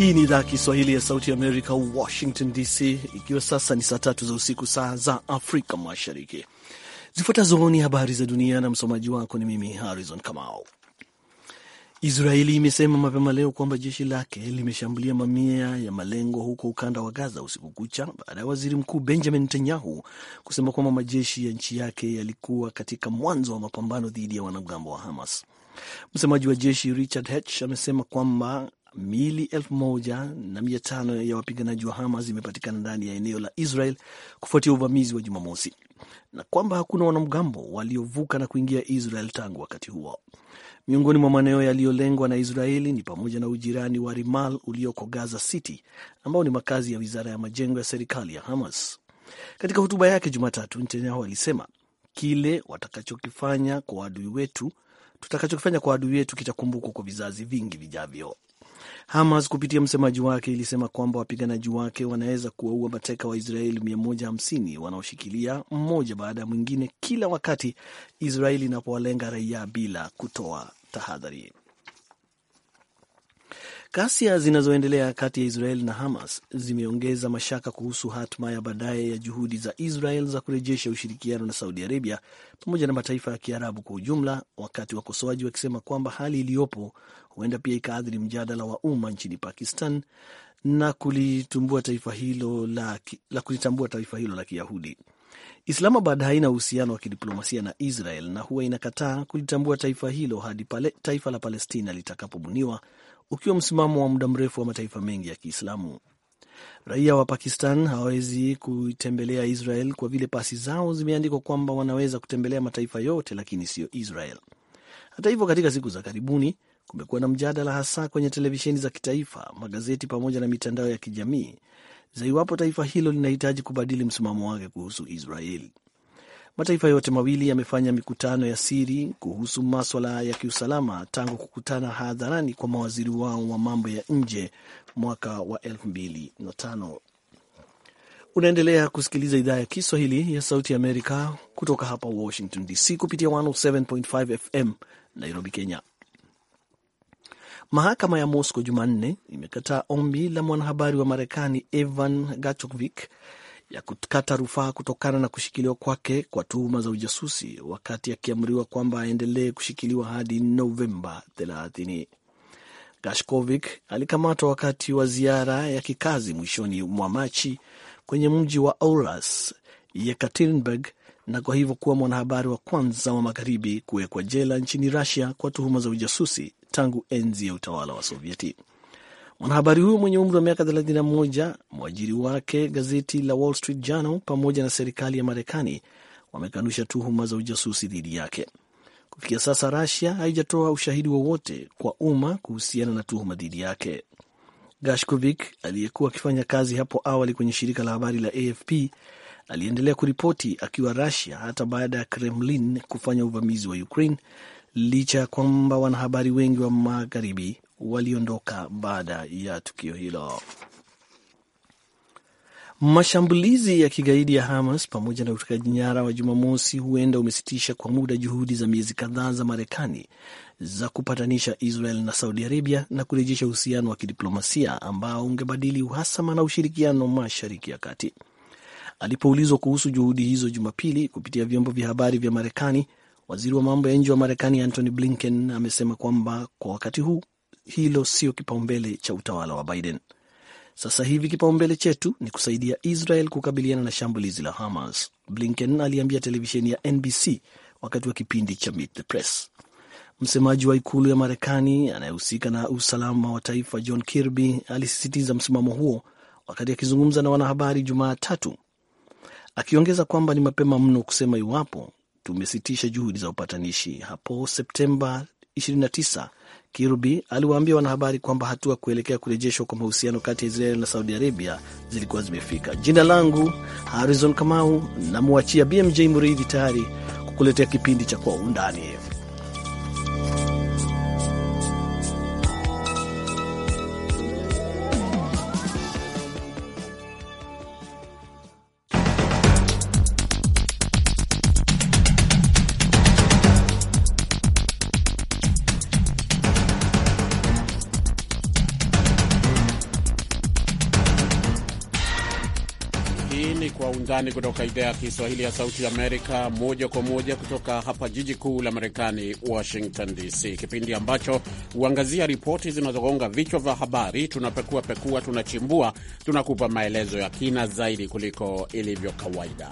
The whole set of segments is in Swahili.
Hii ni idhaa ya Kiswahili ya Sauti ya Amerika, Washington DC, ikiwa sasa ni saa tatu za usiku, saa za Afrika Mashariki. Zifuatazo ni habari za dunia, na msomaji wako ni mimi Harrison Kamau. Israeli imesema mapema leo kwamba jeshi lake limeshambulia mamia ya malengo huko ukanda wa Gaza usiku kucha baada ya waziri mkuu Benjamin Netanyahu kusema kwamba majeshi ya nchi yake yalikuwa katika mwanzo wa mapambano dhidi ya wanamgambo wa Hamas. Msemaji wa jeshi Richard Hatch amesema kwamba miili elfu moja na mia tano ya wapiganaji wa Hamas imepatikana ndani ya eneo la Israel kufuatia uvamizi wa Jumamosi, na kwamba hakuna wanamgambo waliovuka na kuingia Israel tangu wakati huo. Miongoni mwa maeneo yaliyolengwa na Israeli ni pamoja na ujirani wa Rimal ulioko Gaza City, ambao ni makazi ya wizara ya majengo ya serikali ya Hamas. Katika hotuba yake Jumatatu, Netanyahu alisema kile watakachokifanya kwa adui wetu tutakachokifanya kwa adui wetu kitakumbukwa kwa vizazi vingi vijavyo. Hamas kupitia msemaji wake ilisema kwamba wapiganaji wake wanaweza kuwaua mateka wa Israeli 150 wanaoshikilia mmoja baada ya mwingine kila wakati Israeli inapowalenga raia bila kutoa tahadhari. Ghasia zinazoendelea kati ya Israel na Hamas zimeongeza mashaka kuhusu hatma ya baadaye ya juhudi za Israel za kurejesha ushirikiano na Saudi Arabia pamoja na mataifa ya Kiarabu kwa ujumla, wakati wakosoaji wakisema kwamba hali iliyopo huenda pia ikaathiri mjadala wa umma nchini Pakistan na kulitumbua taifa hilo la, la kulitambua taifa hilo la Kiyahudi. Islamabad haina uhusiano wa kidiplomasia na Israel na huwa inakataa kulitambua taifa hilo hadi pale taifa la Palestina litakapobuniwa, ukiwa msimamo wa muda mrefu wa mataifa mengi ya Kiislamu. Raia wa Pakistan hawawezi kuitembelea Israel kwa vile pasi zao zimeandikwa kwamba wanaweza kutembelea mataifa yote, lakini siyo Israel. Hata hivyo, katika siku za karibuni kumekuwa na mjadala hasa kwenye televisheni za kitaifa, magazeti pamoja na mitandao ya kijamii za iwapo taifa hilo linahitaji kubadili msimamo wake kuhusu Israeli. Mataifa yote mawili yamefanya mikutano ya siri kuhusu maswala ya kiusalama tangu kukutana hadharani kwa mawaziri wao wa mambo ya nje mwaka wa 2005. Unaendelea kusikiliza idhaa ya Kiswahili ya Sauti ya Amerika kutoka hapa Washington DC, kupitia 107.5 FM Nairobi, Kenya. Mahakama ya Moscow Jumanne imekataa ombi la mwanahabari wa Marekani Evan Gachovic ya kukata rufaa kutokana na kushikiliwa kwake kwa tuhuma za ujasusi wakati akiamriwa kwamba aendelee kushikiliwa hadi Novemba 30. Gashkovik alikamatwa wakati wa ziara ya kikazi mwishoni mwa Machi kwenye mji wa Oras Yekaterinburg, na kwa hivyo kuwa mwanahabari wa kwanza wa magharibi kuwekwa jela nchini Rusia kwa tuhuma za ujasusi tangu enzi ya utawala wa Sovieti. Mwanahabari huyo mwenye umri wa miaka 31, mwajiri wake gazeti la Wall Street Journal pamoja na serikali ya Marekani wamekanusha tuhuma za ujasusi dhidi yake. Kufikia sasa, Russia haijatoa ushahidi wowote kwa umma kuhusiana na tuhuma dhidi yake. Gashkovik aliyekuwa akifanya kazi hapo awali kwenye shirika la habari la AFP aliendelea kuripoti akiwa Russia hata baada ya Kremlin kufanya uvamizi wa Ukraine licha ya kwamba wanahabari wengi wa magharibi waliondoka baada ya tukio hilo. Mashambulizi ya kigaidi ya Hamas pamoja na utekaji nyara wa Jumamosi huenda umesitisha kwa muda juhudi za miezi kadhaa za Marekani za kupatanisha Israel na Saudi Arabia na kurejesha uhusiano wa kidiplomasia ambao ungebadili uhasama na ushirikiano Mashariki ya Kati. Alipoulizwa kuhusu juhudi hizo Jumapili kupitia vyombo vya habari vya Marekani, Waziri wa mambo ya nje wa Marekani Antony Blinken amesema kwamba kwa wakati huu hilo sio kipaumbele cha utawala wa Biden. Sasa hivi kipaumbele chetu ni kusaidia Israel kukabiliana na shambulizi la Hamas, Blinken aliambia televisheni ya NBC wakati wa kipindi cha Meet the Press. Msemaji wa ikulu ya Marekani anayehusika na usalama wa taifa John Kirby alisisitiza msimamo huo wakati akizungumza na wanahabari Jumatatu, akiongeza kwamba ni mapema mno kusema iwapo tumesitisha juhudi za upatanishi. Hapo Septemba 29 Kirubi aliwaambia wanahabari kwamba hatua kuelekea kurejeshwa kwa mahusiano kati ya Israeli na Saudi Arabia zilikuwa zimefika. Jina langu Harrison Kamau, namwachia BMJ Muridhi tayari kukuletea kipindi cha Kwa Undani. Undani kutoka idhaa ya Kiswahili ya Sauti Amerika, moja kwa moja kutoka hapa jiji kuu la Marekani, Washington DC, kipindi ambacho huangazia ripoti zinazogonga vichwa vya habari. Tunapekua pekua, tunachimbua, tunakupa maelezo ya kina zaidi kuliko ilivyo kawaida.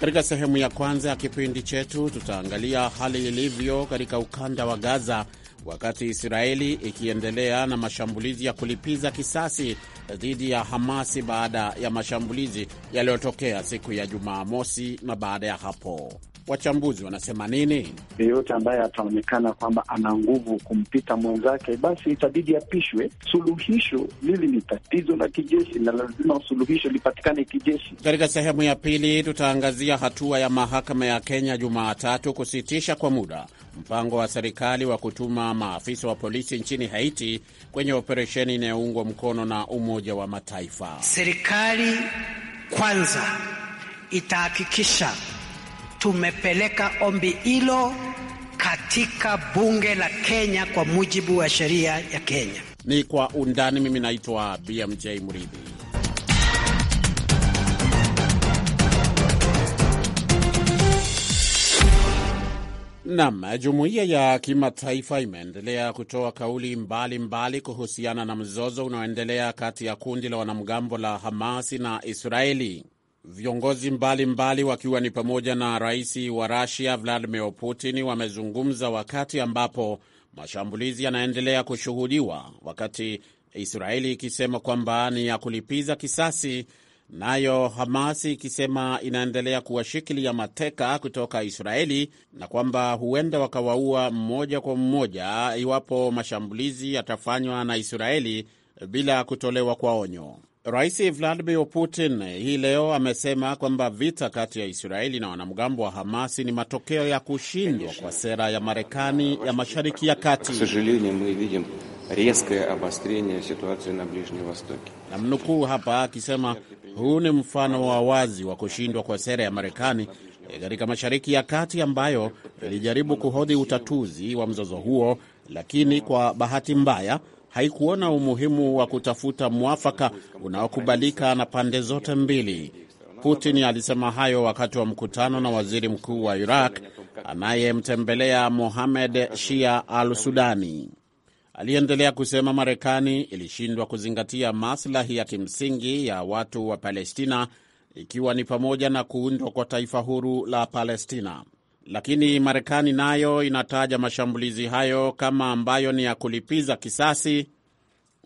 Katika sehemu ya kwanza ya kipindi chetu, tutaangalia hali ilivyo katika ukanda wa Gaza wakati Israeli ikiendelea na mashambulizi ya kulipiza kisasi dhidi ya Hamasi baada ya mashambulizi yaliyotokea siku ya Jumamosi na baada ya hapo Wachambuzi wanasema nini? Yeyote ambaye ataonekana kwamba ana nguvu kumpita mwenzake, basi itabidi apishwe. Suluhisho lili ni tatizo la kijeshi, na lazima suluhisho lipatikane kijeshi. Katika sehemu ya pili, tutaangazia hatua ya mahakama ya Kenya Jumaatatu kusitisha kwa muda mpango wa serikali wa kutuma maafisa wa polisi nchini Haiti kwenye operesheni inayoungwa mkono na Umoja wa Mataifa. Serikali kwanza itahakikisha tumepeleka ombi hilo katika bunge la Kenya kwa mujibu wa sheria ya Kenya. Ni kwa undani. Mimi naitwa BMJ Mridhi. Nam, jumuiya ya kimataifa imeendelea kutoa kauli mbalimbali mbali kuhusiana na mzozo unaoendelea kati ya kundi la wanamgambo la Hamasi na Israeli. Viongozi mbalimbali wakiwa ni pamoja na rais wa Rusia Vladimir Putin wamezungumza wakati ambapo mashambulizi yanaendelea kushuhudiwa, wakati Israeli ikisema kwamba ni ya kulipiza kisasi nayo Hamasi ikisema inaendelea kuwashikilia mateka kutoka Israeli na kwamba huenda wakawaua mmoja kwa mmoja iwapo mashambulizi yatafanywa na Israeli bila kutolewa kwa onyo. Rais Vladimir Putin hii leo amesema kwamba vita kati ya Israeli na wanamgambo wa Hamasi ni matokeo ya kushindwa kwa sera ya Marekani ya Mashariki ya Kati. Namnukuu hapa akisema huu ni mfano wa wazi wa kushindwa kwa sera ya Marekani eh, katika Mashariki ya Kati ambayo ilijaribu kuhodhi utatuzi wa mzozo huo, lakini kwa bahati mbaya haikuona umuhimu wa kutafuta mwafaka unaokubalika na pande zote mbili. Putin alisema hayo wakati wa mkutano na waziri mkuu wa Iraq anayemtembelea Mohamed Shia al Sudani. Aliendelea kusema Marekani ilishindwa kuzingatia maslahi ya kimsingi ya watu wa Palestina, ikiwa ni pamoja na kuundwa kwa taifa huru la Palestina. Lakini Marekani nayo inataja mashambulizi hayo kama ambayo ni ya kulipiza kisasi,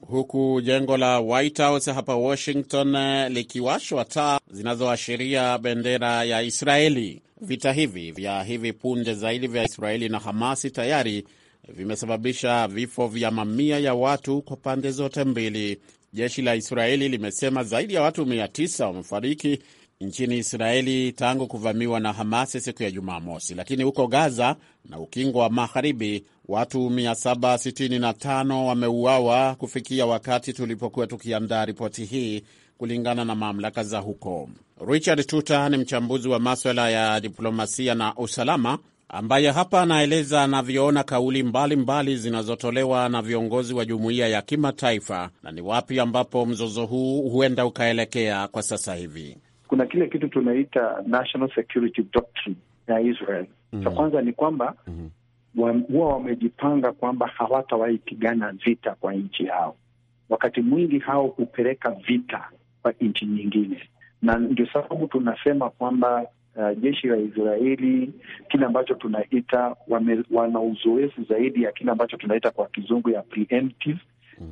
huku jengo la White House hapa Washington eh, likiwashwa taa zinazoashiria bendera ya Israeli. Vita hivi vya hivi punde zaidi vya Israeli na Hamasi tayari vimesababisha vifo vya mamia ya watu kwa pande zote mbili. Jeshi la Israeli limesema zaidi ya watu 900 wamefariki nchini Israeli tangu kuvamiwa na Hamasi siku ya Jumamosi, lakini huko Gaza na ukingo wa Magharibi watu 765 wameuawa kufikia wakati tulipokuwa tukiandaa ripoti hii, kulingana na mamlaka za huko. Richard Tuta ni mchambuzi wa maswala ya diplomasia na usalama ambaye hapa anaeleza anavyoona kauli mbalimbali mbali zinazotolewa na viongozi wa jumuiya ya kimataifa na ni wapi ambapo mzozo huu huenda ukaelekea kwa sasa hivi. Kuna kile kitu tunaita National Security Doctrine ya Israel. Cha -hmm. kwanza ni kwamba mm -hmm. huwa wamejipanga kwamba hawatawahi pigana vita kwa nchi yao. Wakati mwingi hao hupeleka vita kwa nchi nyingine, na ndio sababu tunasema kwamba uh, jeshi la Israeli kile ambacho tunaita wame, wana uzoefu zaidi ya kile ambacho tunaita kwa kizungu ya preemptive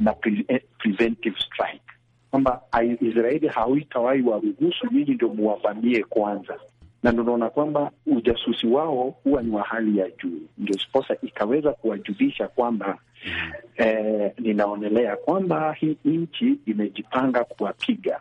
na mm. pre eh, preventive strike, kwamba Israeli haitawahi waruhusu nyinyi ndio muwavamie kwanza, na ndio kwamba ujasusi wao huwa ni wa hali ya juu, ndio sposa ikaweza kuwajulisha kwamba mm. eh, ninaonelea kwamba hii nchi imejipanga kuwapiga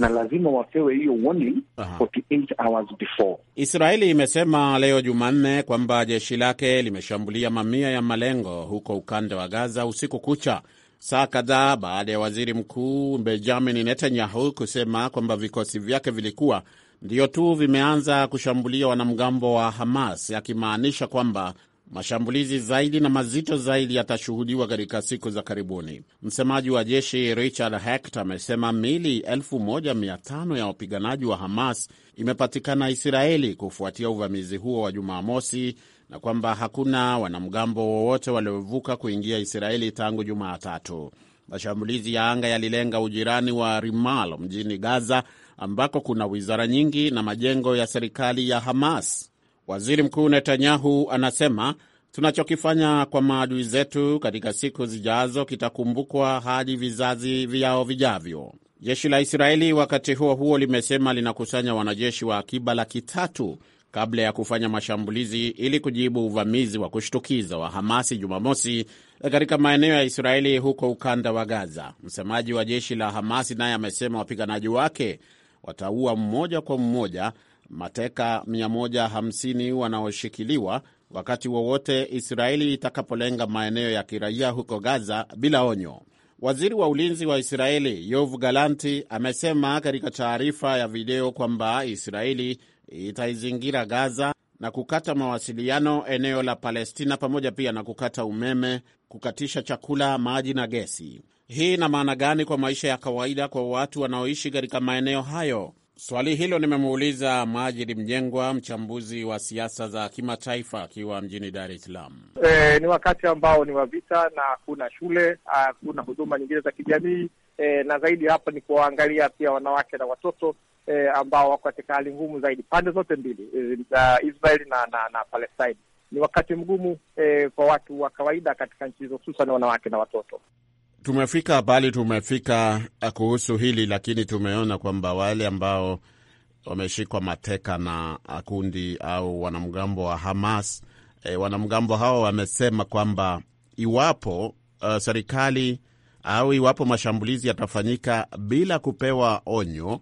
na lazima wapewe hiyo warning 48 hours before. Israeli imesema leo Jumanne kwamba jeshi lake limeshambulia mamia ya malengo huko ukanda wa Gaza usiku kucha, saa kadhaa baada ya waziri mkuu Benjamin Netanyahu kusema kwamba vikosi vyake vilikuwa ndiyo tu vimeanza kushambulia wanamgambo wa Hamas, akimaanisha kwamba Mashambulizi zaidi na mazito zaidi yatashuhudiwa katika siku za karibuni. Msemaji wa jeshi Richard Hector amesema mili 1500 ya wapiganaji wa Hamas imepatikana Israeli kufuatia uvamizi huo wa Jumamosi na kwamba hakuna wanamgambo wowote waliovuka kuingia Israeli tangu Jumatatu. Mashambulizi ya anga yalilenga ujirani wa Rimal mjini Gaza ambako kuna wizara nyingi na majengo ya serikali ya Hamas. Waziri Mkuu Netanyahu anasema tunachokifanya kwa maadui zetu katika siku zijazo kitakumbukwa hadi vizazi vyao vijavyo. Jeshi la Israeli wakati huo huo limesema linakusanya wanajeshi wa akiba laki tatu kabla ya kufanya mashambulizi ili kujibu uvamizi wa kushtukiza wa Hamasi Jumamosi katika maeneo ya Israeli huko ukanda wa Gaza. Msemaji wa jeshi la Hamasi naye amesema wapiganaji wake wataua mmoja kwa mmoja mateka 150 wanaoshikiliwa wakati wowote Israeli itakapolenga maeneo ya kiraia huko Gaza bila onyo. Waziri wa ulinzi wa Israeli Yoav Galanti amesema katika taarifa ya video kwamba Israeli itaizingira Gaza na kukata mawasiliano eneo la Palestina, pamoja pia na kukata umeme, kukatisha chakula, maji na gesi. Hii ina maana gani kwa maisha ya kawaida kwa watu wanaoishi katika maeneo hayo? Swali hilo nimemuuliza Majid Mjengwa, mchambuzi wa siasa za kimataifa akiwa mjini Dar es Salaam. E, ni wakati ambao ni wa vita na hakuna shule, hakuna huduma nyingine za kijamii e, na zaidi hapa ni kuwaangalia pia wanawake na watoto e, ambao wako katika hali ngumu zaidi pande zote mbili e, Israeli na, na, na Palestine. Ni wakati mgumu e, kwa watu wa kawaida katika nchi hizo, hususan wanawake na watoto tumefika bali tumefika eh, kuhusu hili, lakini tumeona kwamba wale ambao wameshikwa mateka na eh, kundi au wanamgambo wa Hamas e, wanamgambo hao wamesema kwamba iwapo uh, serikali au iwapo mashambulizi yatafanyika bila kupewa onyo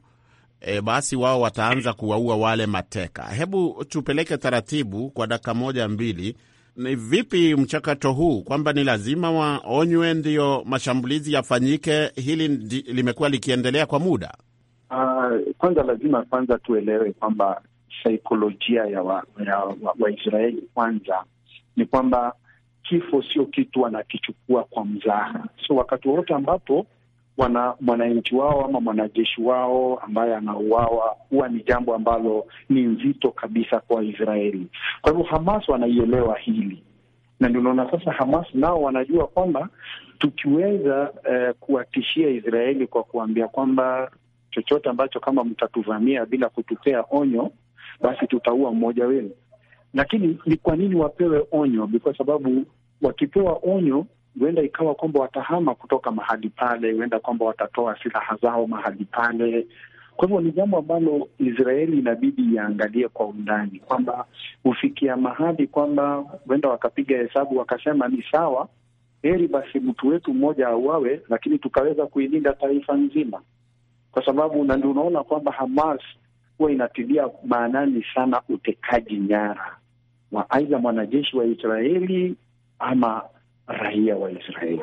e, basi wao wataanza kuwaua wale mateka. Hebu tupeleke taratibu kwa dakika moja mbili ni vipi mchakato huu kwamba ni lazima waonywe ndiyo mashambulizi yafanyike? Hili limekuwa likiendelea kwa muda. Uh, kwanza lazima kwanza tuelewe kwamba saikolojia ya Waisraeli wa, wa kwanza ni kwamba kifo sio kitu wanakichukua kwa mzaha. So wakati wowote ambapo mwananchi wao ama mwanajeshi wao ambaye anauawa huwa ni jambo ambalo ni nzito kabisa kwa Israeli. Kwa hivyo Hamas wanaielewa hili, na ndio unaona sasa Hamas nao wanajua kwamba tukiweza eh, kuwatishia Israeli kwa kuambia kwamba chochote ambacho kama mtatuvamia bila kutupea onyo, basi tutaua mmoja wenu. Lakini ni kwa nini wapewe onyo? Ni kwa sababu wakipewa onyo huenda ikawa kwamba watahama kutoka mahali pale, huenda kwamba watatoa silaha zao mahali pale. Kwa hivyo ni jambo ambalo Israeli inabidi iangalie kwa undani, kwamba hufikia mahali kwamba huenda wakapiga hesabu wakasema, ni sawa, heri basi mtu wetu mmoja auawe, lakini tukaweza kuilinda taifa nzima, kwa sababu na ndio unaona kwamba Hamas huwa inatilia maanani sana utekaji nyara wa aidha mwanajeshi wa Israeli ama raia wa Israeli,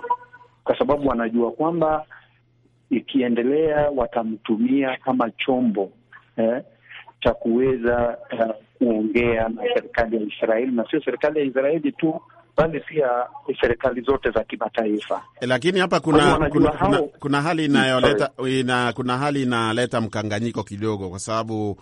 kwa sababu wanajua kwamba ikiendelea watamtumia kama chombo eh, cha kuweza eh, kuongea na serikali ya Israeli na sio serikali ya Israeli tu bali pia serikali zote za kimataifa. Eh, lakini hapa kuna kuna, kuna, kuna, kuna hali inayoleta ina, kuna hali inaleta mkanganyiko kidogo, kwa sababu uh,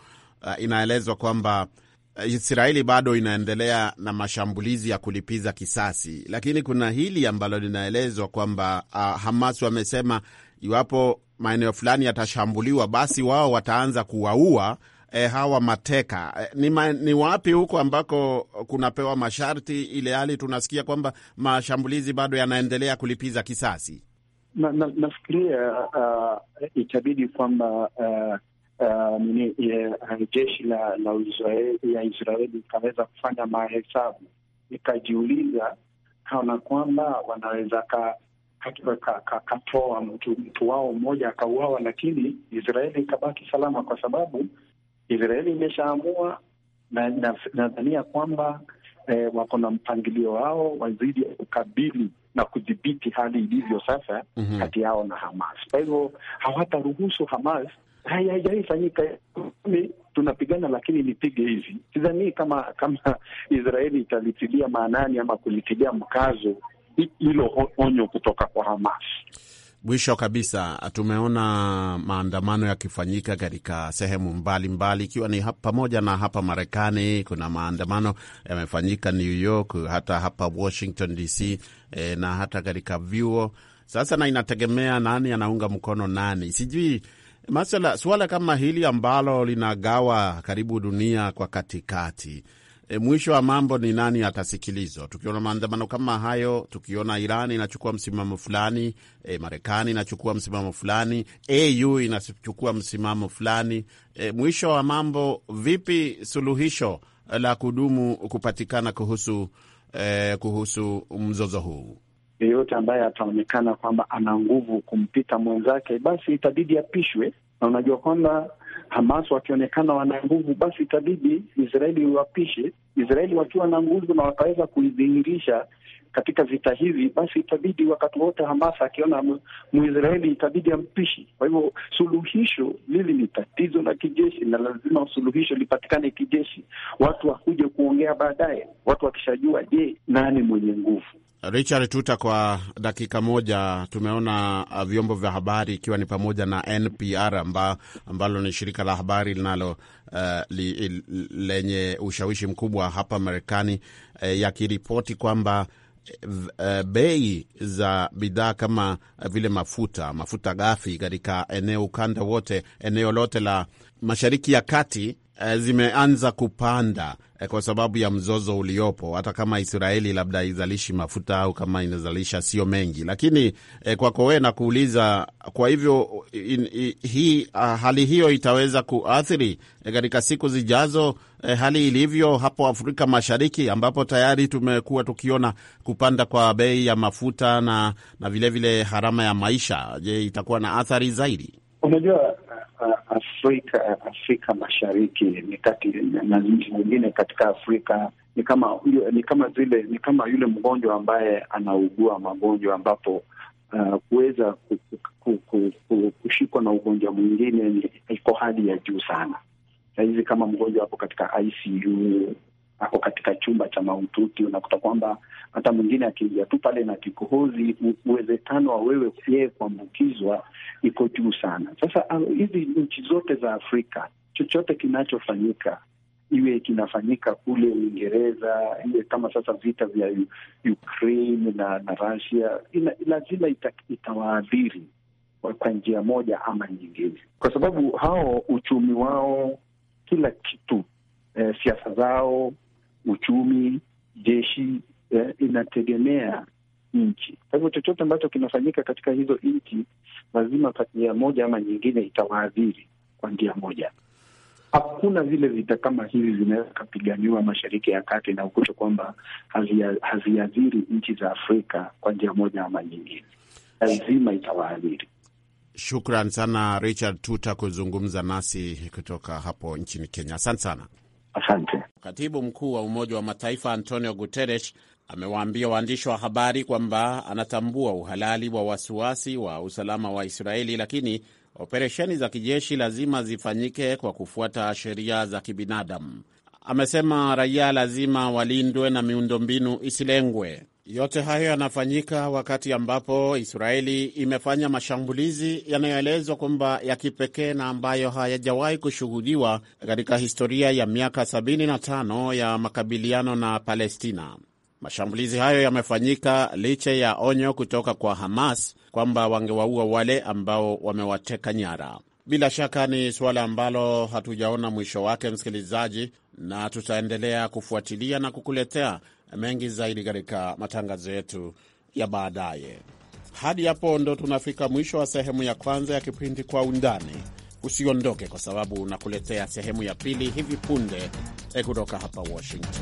inaelezwa kwamba Eh, Israeli bado inaendelea na mashambulizi ya kulipiza kisasi, lakini kuna hili ambalo linaelezwa kwamba uh, Hamas wamesema iwapo maeneo fulani yatashambuliwa, basi wao wataanza kuwaua e, hawa mateka e, ni, ma, ni wapi huko ambako kunapewa masharti, ile hali tunasikia kwamba mashambulizi bado yanaendelea kulipiza kisasi? na, na, nafikiria uh, itabidi kwamba uh, uh, uh, jeshi la, la Israeli, ya Israeli ikaweza kufanya mahesabu ikajiuliza kana kwamba wanaweza ka, katoa ka, ka, ka mtu, mtu wao mmoja akauawa, lakini Israeli ikabaki salama kwa sababu Israeli imeshaamua na nadhania na kwamba eh, wako na mpangilio wao wazidi ya kukabili na kudhibiti hali ilivyo sasa mm -hmm. kati yao na Hamas. Kwa hivyo hawataruhusu Hamas haijaifanyika tunapigana lakini nipige hivi. Sidhani kama kama Israeli italitilia maanani ama kulitilia mkazo hilo onyo kutoka kwa Hamas. Mwisho kabisa, tumeona maandamano yakifanyika katika sehemu mbalimbali, ikiwa mbali, ni pamoja na hapa Marekani. Kuna maandamano yamefanyika New York, hata hapa Washington DC, e, na hata katika vyuo sasa, na inategemea nani anaunga mkono nani, sijui masala suala kama hili ambalo linagawa karibu dunia kwa katikati. E, mwisho wa mambo ni nani atasikilizwa? Tukiona maandamano kama hayo, tukiona Iran inachukua msimamo fulani, e, Marekani inachukua msimamo fulani, AU inachukua msimamo fulani, e, mwisho wa mambo, vipi suluhisho la kudumu kupatikana kuhusu, e, kuhusu mzozo huu? yeyote ambaye ataonekana kwamba ana nguvu kumpita mwenzake, basi itabidi apishwe. Na unajua kwamba Hamas wakionekana wana nguvu, basi itabidi Israeli iwapishe. Israeli wakiwa na nguvu na wataweza kuidhihirisha katika vita hivi, basi itabidi wakati wote Hamas akiona Mwisraeli itabidi ampishi. Kwa hivyo suluhisho lili ni tatizo la kijeshi, na lazima suluhisho lipatikane kijeshi, watu wakuje kuongea baadaye, watu wakishajua, je, nani mwenye nguvu. Richard Tuta, kwa dakika moja, tumeona uh, vyombo vya habari ikiwa ni pamoja na NPR amba, ambalo ni shirika la habari linalo uh, li, lenye ushawishi mkubwa hapa Marekani uh, yakiripoti kwamba Eh, bei za bidhaa kama eh, vile mafuta mafuta ghafi katika eneo ukanda wote eneo lote la Mashariki ya Kati Eh, zimeanza kupanda eh, kwa sababu ya mzozo uliopo, hata kama Israeli labda izalishi mafuta au kama inazalisha sio mengi. Lakini eh, kwako wewe nakuuliza, kwa hivyo in, in, hii ah, hali hiyo itaweza kuathiri katika siku zijazo hali ilivyo hapo Afrika Mashariki, ambapo tayari tumekuwa tukiona kupanda kwa bei ya mafuta na, na vilevile harama ya maisha. Je, itakuwa na athari zaidi? Unajua, uh, uh, Afrika Afrika Mashariki ni kati na nchi nyingine katika Afrika ni kama ni kama zile ni kama yule mgonjwa ambaye anaugua magonjwa ambapo uh, kuweza kushikwa na ugonjwa mwingine iko hali ya juu sana. Sahizi kama mgonjwa hapo katika ICU ako katika chumba cha mahututi. Unakuta kwamba hata mwingine akiingia tu pale na kikohozi, uwezekano wa wewe yeye kuambukizwa iko juu sana. Sasa uh, hizi nchi zote za Afrika, chochote kinachofanyika iwe kinafanyika kule Uingereza, iwe kama sasa vita vya Ukraine na na Russia, lazima ita, itawaadhiri kwa njia moja ama nyingine, kwa sababu hao uchumi wao, kila kitu, e, siasa zao, uchumi, jeshi eh, inategemea nchi. Kwa hivyo chochote ambacho kinafanyika katika hizo nchi lazima njia moja ama nyingine itawaadhiri kwa njia moja. Hakuna vile vita kama hivi vinaweza kapiganiwa mashariki ya kati na ukuta kwamba haziadhiri nchi za Afrika kwa njia moja ama nyingine, lazima itawaadhiri. Shukran sana Richard Tuta kuzungumza nasi kutoka hapo nchini Kenya. Asante sana. Asante. Katibu mkuu wa Umoja wa Mataifa Antonio Guterres amewaambia waandishi wa habari kwamba anatambua uhalali wa wasiwasi wa usalama wa Israeli, lakini operesheni za kijeshi lazima zifanyike kwa kufuata sheria za kibinadamu. Amesema raia lazima walindwe na miundombinu isilengwe. Yote hayo yanafanyika wakati ambapo Israeli imefanya mashambulizi yanayoelezwa kwamba ya kipekee na ambayo hayajawahi kushuhudiwa katika historia ya miaka 75 ya makabiliano na Palestina. Mashambulizi hayo yamefanyika licha ya onyo kutoka kwa Hamas kwamba wangewaua wale ambao wamewateka nyara. Bila shaka ni suala ambalo hatujaona mwisho wake, msikilizaji, na tutaendelea kufuatilia na kukuletea mengi zaidi katika matangazo yetu ya baadaye. Hadi hapo ndo tunafika mwisho wa sehemu ya kwanza ya kipindi Kwa Undani. Usiondoke, kwa sababu unakuletea sehemu ya pili hivi punde eh, kutoka hapa Washington.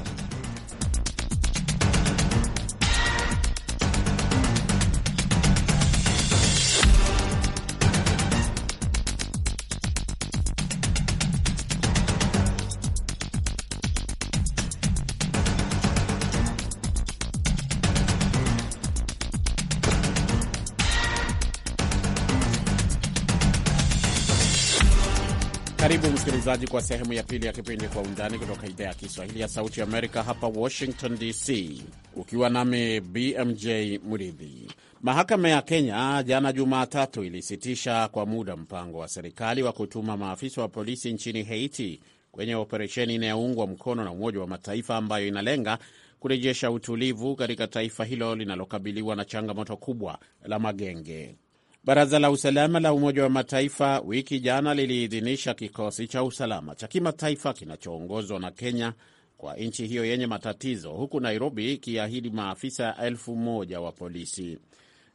Karibu msikilizaji kwa sehemu ya pili ya kipindi Kwa Undani kutoka idhaa ya Kiswahili ya Sauti ya Amerika hapa Washington DC, ukiwa nami BMJ Muridhi. Mahakama ya Kenya jana Jumatatu ilisitisha kwa muda mpango wa serikali wa kutuma maafisa wa polisi nchini Haiti kwenye operesheni inayoungwa mkono na Umoja wa Mataifa ambayo inalenga kurejesha utulivu katika taifa hilo linalokabiliwa na changamoto kubwa la magenge. Baraza la usalama la Umoja wa Mataifa wiki jana liliidhinisha kikosi cha usalama cha kimataifa kinachoongozwa na Kenya kwa nchi hiyo yenye matatizo, huku Nairobi ikiahidi maafisa elfu moja wa polisi.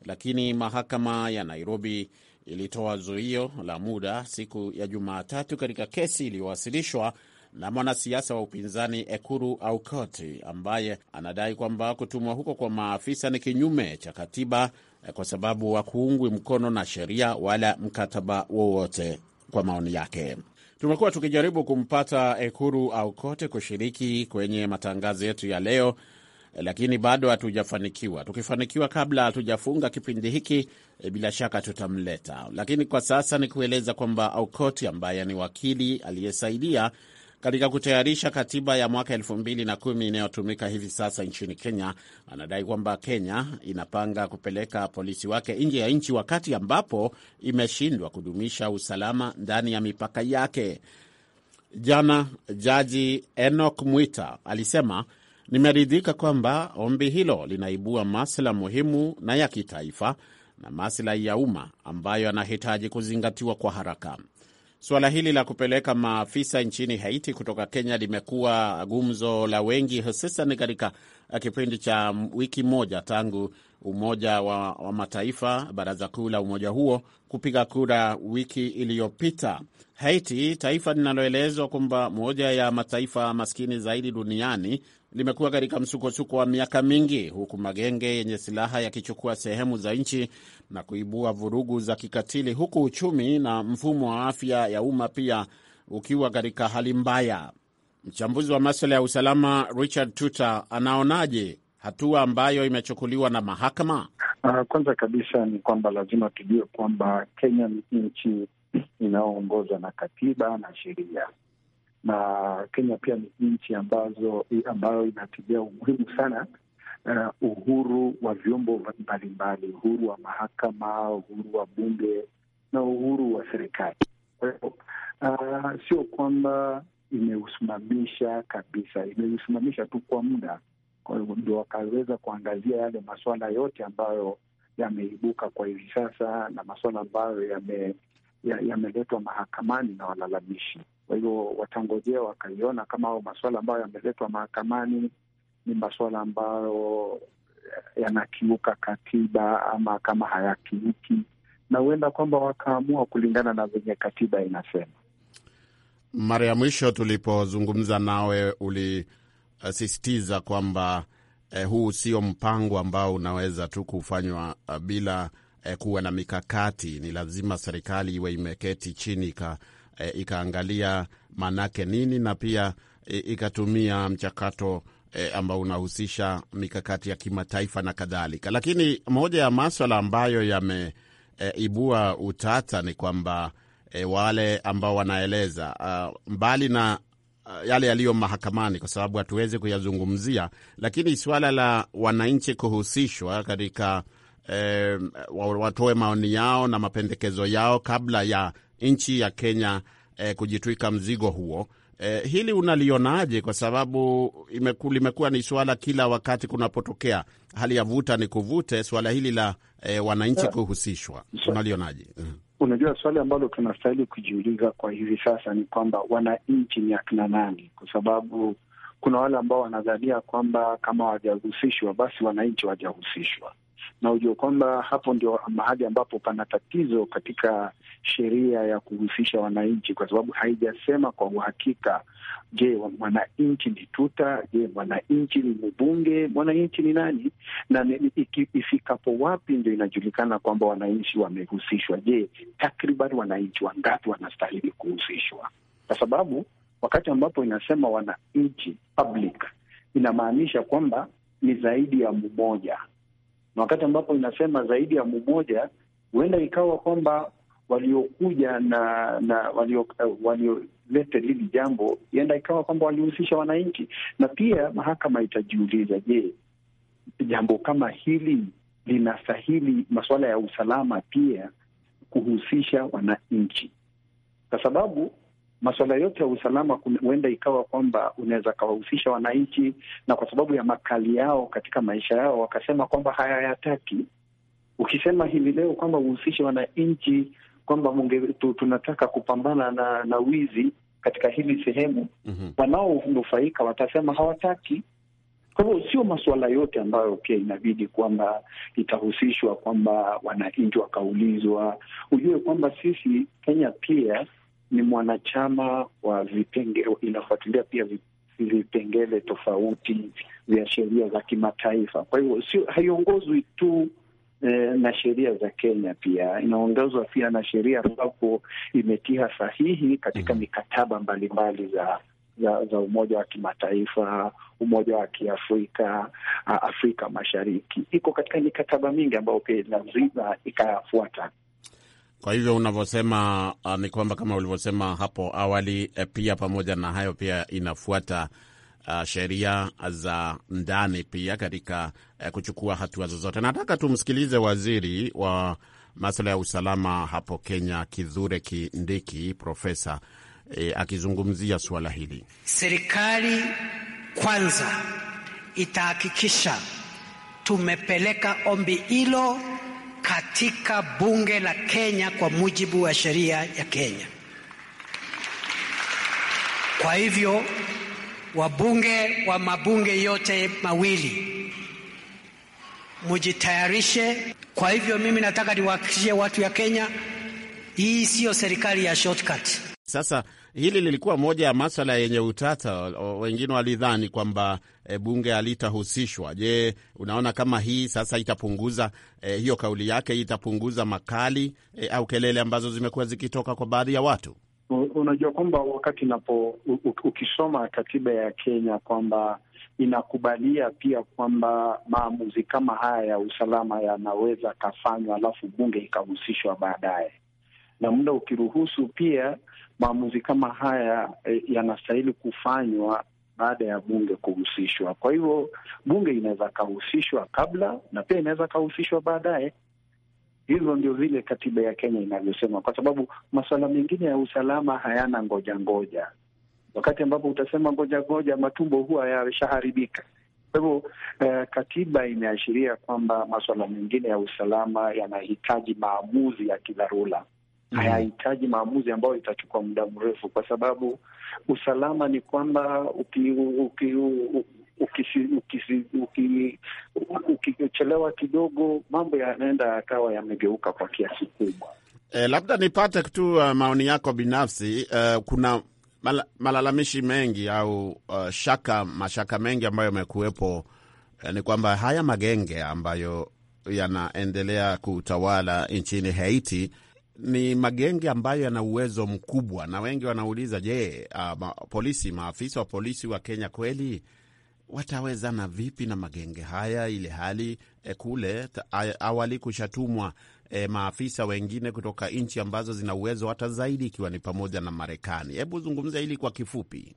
Lakini mahakama ya Nairobi ilitoa zuio la muda siku ya Jumatatu katika kesi iliyowasilishwa na mwanasiasa wa upinzani Ekuru Aukoti ambaye anadai kwamba kutumwa huko kwa maafisa ni kinyume cha katiba Eh, kwa sababu hakuungwi mkono na sheria wala mkataba wowote, kwa maoni yake. Tumekuwa tukijaribu kumpata Ekuru Aukot kushiriki kwenye matangazo yetu ya leo, eh, lakini bado hatujafanikiwa. Tukifanikiwa kabla hatujafunga kipindi hiki, eh, bila shaka tutamleta. Lakini kwa sasa ni kueleza kwamba aukoti ambaye ni wakili aliyesaidia katika kutayarisha katiba ya mwaka elfu mbili na kumi inayotumika hivi sasa nchini Kenya. Anadai kwamba Kenya inapanga kupeleka polisi wake nje ya nchi wakati ambapo imeshindwa kudumisha usalama ndani ya mipaka yake. Jana Jaji Enoch Mwita alisema nimeridhika kwamba ombi hilo linaibua masuala muhimu na ya kitaifa na maslahi ya umma ambayo yanahitaji kuzingatiwa kwa haraka. Suala hili la kupeleka maafisa nchini Haiti kutoka Kenya limekuwa gumzo la wengi, hususan katika kipindi cha wiki moja tangu Umoja wa, wa Mataifa, baraza kuu la umoja huo kupiga kura wiki iliyopita. Haiti, taifa linaloelezwa kwamba moja ya mataifa maskini zaidi duniani, limekuwa katika msukosuko wa miaka mingi, huku magenge yenye silaha yakichukua sehemu za nchi na kuibua vurugu za kikatili, huku uchumi na mfumo wa afya ya umma pia ukiwa katika hali mbaya. Mchambuzi wa maswala ya usalama Richard Tuta anaonaje hatua ambayo imechukuliwa na mahakama? Uh, kwanza kabisa ni kwamba lazima tujue kwamba Kenya ni nchi inayoongozwa na katiba na sheria na Kenya pia ni nchi ambazo ambayo inatilia umuhimu sana uh, uhuru wa vyombo mbalimbali, uhuru wa mahakama, uhuru wa bunge na uhuru wa serikali. Kwa hiyo uh, sio kwamba imeusimamisha kabisa, imeusimamisha tu kwa muda. Kwa ndo wakaweza kuangazia yale masuala yote ambayo yameibuka kwa hivi sasa na masuala ambayo yameletwa ya mahakamani na walalamishi. Kwa hivyo watangojea wakaiona kama hao masuala ambayo yameletwa mahakamani ni masuala ambayo eh, yanakiuka katiba ama kama hayakiuki, na huenda kwamba wakaamua kulingana na venye katiba inasema. Mara ya mwisho tulipozungumza nawe ulisisitiza kwamba eh, huu sio mpango ambao unaweza tu kufanywa eh, bila eh, kuwa na mikakati. Ni lazima serikali iwe imeketi chini ka e, ikaangalia manake nini na pia e, ikatumia mchakato e, ambao unahusisha mikakati ya kimataifa na kadhalika. Lakini moja ya maswala ambayo yameibua e, utata ni kwamba e, wale ambao wanaeleza uh, mbali na ah, yale yaliyo mahakamani kwa sababu hatuwezi kuyazungumzia, lakini suala la wananchi kuhusishwa katika eh, watoe maoni yao na mapendekezo yao kabla ya nchi ya Kenya eh, kujitwika mzigo huo. Eh, hili unalionaje? Kwa sababu imeku, limekuwa ni swala kila wakati kunapotokea hali ya vuta ni kuvute, swala hili la eh, wananchi eh, kuhusishwa, unalionaje? mm. Unajua, swali ambalo tunastahili kujiuliza kwa hivi sasa ni kwamba wananchi ni akina nani? Kwa sababu kuna wale ambao wanadhania kwamba kama wajahusishwa basi wananchi wajahusishwa, na ujua kwamba hapo ndio mahali ambapo pana tatizo katika sheria ya kuhusisha wananchi, kwa sababu haijasema kwa uhakika, je, mwananchi ni tuta? Je, mwananchi ni mbunge? Mwananchi ni nani? Na ifikapo wapi ndio inajulikana kwamba wananchi wamehusishwa. Je, takriban wananchi wangapi wanastahili kuhusishwa? Kwa sababu wakati ambapo inasema wananchi public inamaanisha kwamba ni zaidi ya mmoja, na wakati ambapo inasema zaidi ya mmoja, huenda ikawa kwamba waliokuja na na walioleta uh, hili jambo, ienda ikawa kwamba walihusisha wananchi. Na pia mahakama itajiuliza, je, jambo kama hili linastahili masuala ya usalama pia kuhusisha wananchi? Kwa sababu masuala yote ya usalama huenda ikawa kwamba unaweza kawahusisha wananchi, na kwa sababu ya makali yao katika maisha yao wakasema kwamba hayayataki. Ukisema hivi leo kwamba uhusishe wananchi kwamba tunataka kupambana na, na wizi katika hili sehemu mm -hmm. Wanaonufaika watasema hawataki. Kwa hivyo sio masuala yote ambayo pia inabidi kwamba itahusishwa kwamba wananchi wakaulizwa. Ujue kwamba sisi Kenya pia ni mwanachama wa vipenge, inafuatilia pia vipengele tofauti vya sheria za kimataifa. Kwa hivyo sio haiongozwi tu E, na sheria za Kenya pia inaongezwa pia na sheria ambapo imetia sahihi katika mm-hmm. mikataba mbalimbali za za, za Umoja wa Kimataifa, Umoja wa Kiafrika, Afrika Mashariki. Iko katika mikataba mingi ambayo pia lazima ikayafuata. Kwa hivyo unavyosema, ni kwamba kama ulivyosema hapo awali, e, pia pamoja na hayo pia inafuata uh, sheria za ndani pia katika uh, kuchukua hatua zozote. Nataka tumsikilize waziri wa masuala ya usalama hapo Kenya, Kithure Kindiki, profesa E, akizungumzia suala hili, serikali kwanza itahakikisha tumepeleka ombi hilo katika bunge la Kenya kwa mujibu wa sheria ya Kenya. Kwa hivyo Wabunge wa mabunge yote mawili mujitayarishe. Kwa hivyo mimi nataka niwahakikishie watu ya Kenya, hii siyo serikali ya shortcut. Sasa hili lilikuwa moja ya maswala yenye utata, wengine walidhani kwamba e, bunge halitahusishwa. Je, unaona kama hii sasa itapunguza e, hiyo kauli yake itapunguza makali e, au kelele ambazo zimekuwa zikitoka kwa baadhi ya watu? Unajua kwamba wakati napo ukisoma katiba ya Kenya kwamba inakubalia pia kwamba maamuzi kama haya ya usalama yanaweza kafanywa, alafu bunge ikahusishwa baadaye, na muda ukiruhusu, pia maamuzi kama haya e, yanastahili kufanywa baada ya bunge kuhusishwa. Kwa hivyo bunge inaweza kahusishwa kabla na pia inaweza kahusishwa baadaye. Hizo ndio vile katiba ya Kenya inavyosema, kwa sababu masuala mengine ya usalama hayana ngoja ngoja. Wakati ambapo utasema ngoja ngoja, matumbo huwa yameshaharibika. Kwa hivyo eh, katiba imeashiria kwamba masuala mengine ya usalama yanahitaji maamuzi ya kidharura mm -hmm. Hayahitaji maamuzi ambayo itachukua muda mrefu, kwa sababu usalama ni kwamba uki, uki, uki, uki, uki, ukichelewa kidogo, mambo yanaenda yakawa yamegeuka kwa kiasi kubwa. E, labda nipate tu uh, maoni yako binafsi uh, kuna mal malalamishi mengi au uh, shaka mashaka mengi ambayo yamekuwepo uh, ni kwamba haya magenge ambayo yanaendelea kutawala nchini Haiti ni magenge ambayo yana uwezo mkubwa, na wengi wanauliza je, uh, ma polisi maafisa wa polisi wa Kenya kweli watawezana vipi na magenge haya, ile hali e, kule awali kushatumwa e, maafisa wengine kutoka nchi ambazo zina uwezo hata zaidi, ikiwa ni pamoja na Marekani. Hebu zungumza hili kwa kifupi.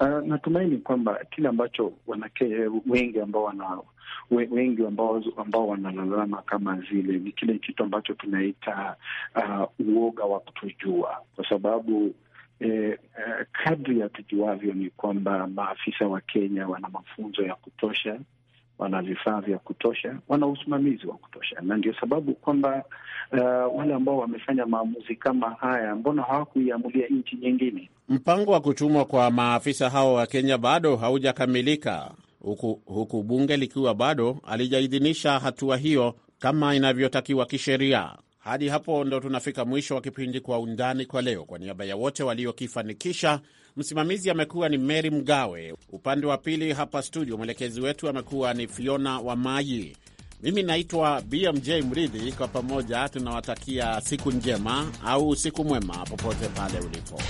Uh, natumaini kwamba kile ambacho wanake wengi ambao wana wengi ambao ambao wanalalama kama zile ni kile kitu ambacho tunaita uh, uoga wa kutojua, kwa sababu eh, eh, kadri ya tujuavyo ni kwamba maafisa wa Kenya wana mafunzo ya kutosha, wana vifaa vya kutosha, wana usimamizi wa kutosha, na ndio sababu kwamba uh, wale ambao wamefanya maamuzi kama haya, mbona hawakuiamulia nchi nyingine? Mpango wa kutumwa kwa maafisa hao wa Kenya bado haujakamilika, huku huku bunge likiwa bado halijaidhinisha hatua hiyo kama inavyotakiwa kisheria. Hadi hapo ndo tunafika mwisho wa kipindi Kwa Undani kwa leo. Kwa niaba ya wote waliokifanikisha, msimamizi amekuwa ni Meri Mgawe, upande wa pili hapa studio mwelekezi wetu amekuwa ni Fiona Wamayi. Mimi naitwa BMJ Mridhi. Kwa pamoja tunawatakia siku njema au usiku mwema popote pale ulipo.